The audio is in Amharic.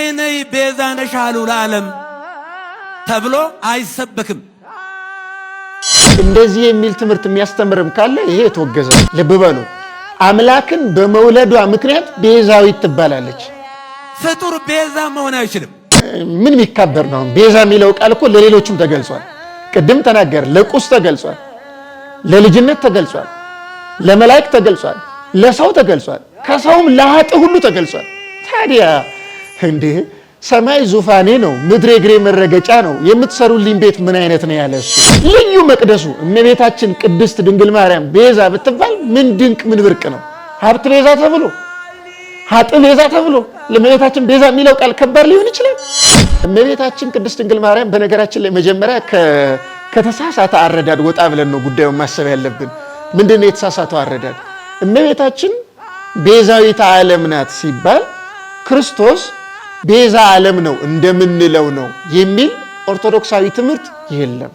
ነይ ነይ ቤዛ ነሽ አሉ ለዓለም ተብሎ አይሰበክም። እንደዚህ የሚል ትምህርት የሚያስተምርም ካለ ይሄ የተወገዘ ልብ በሉ። አምላክን በመውለዷ ምክንያት ቤዛዊት ትባላለች። ፍጡር ቤዛ መሆን አይችልም። ምን የሚካበር ነው? ቤዛ የሚለው ቃል እኮ ለሌሎችም ተገልጿል። ቅድም ተናገር። ለቁስ ተገልጿል፣ ለልጅነት ተገልጿል፣ ለመላእክት ተገልጿል፣ ለሰው ተገልጿል፣ ከሰውም ለኃጥእ ሁሉ ተገልጿል። ታዲያ እንዲህ ሰማይ ዙፋኔ ነው፣ ምድር እግሬ መረገጫ ነው። የምትሰሩልኝ ቤት ምን አይነት ነው ያለ እሱ ልዩ መቅደሱ እመቤታችን ቅድስት ድንግል ማርያም ቤዛ ብትባል ምን ድንቅ ምን ብርቅ ነው። ሀብት ቤዛ ተብሎ ሀጥ ቤዛ ተብሎ ለእመቤታችን ቤዛ የሚለው ቃል ከባድ ሊሆን ይችላል። እመቤታችን ቅድስት ድንግል ማርያም በነገራችን ላይ መጀመሪያ ከተሳሳተ አረዳድ ወጣ ብለን ነው ጉዳዩን ማሰብ ያለብን። ምንድን ነው የተሳሳተው አረዳድ? እመቤታችን ቤዛዊት ዓለም ናት ሲባል ክርስቶስ ቤዛ ዓለም ነው እንደምንለው ነው የሚል ኦርቶዶክሳዊ ትምህርት የለም።